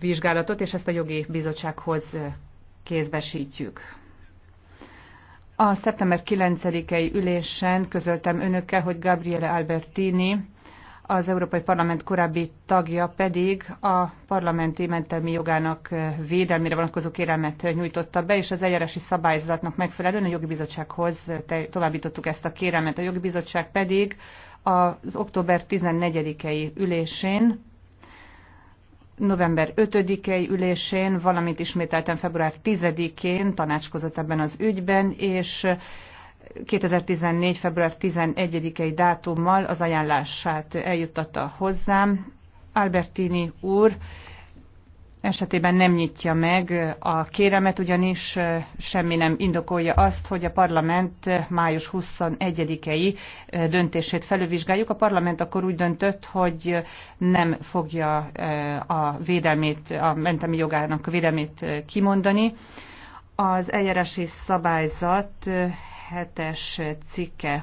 vizsgálatot, és ezt a jogi bizottsághoz kézbesítjük. A szeptember 9-i ülésen közöltem önökkel, hogy Gabriele Albertini, az Európai Parlament korábbi tagja pedig a parlamenti mentelmi jogának védelmére vonatkozó kérelmet nyújtotta be, és az eljárási szabályzatnak megfelelően a jogi bizottsághoz továbbítottuk ezt a kérelmet. A jogi bizottság pedig az október 14-i ülésén november 5-i ülésén, valamint ismételten február 10-én tanácskozott ebben az ügyben, és 2014. február 11-i dátummal az ajánlását eljuttatta hozzám. Albertini úr esetében nem nyitja meg a kéremet, ugyanis semmi nem indokolja azt, hogy a parlament május 21-i döntését felülvizsgáljuk. A parlament akkor úgy döntött, hogy nem fogja a védelmét, a mentemi jogának védelmét kimondani. Az eljárási szabályzat hetes cikke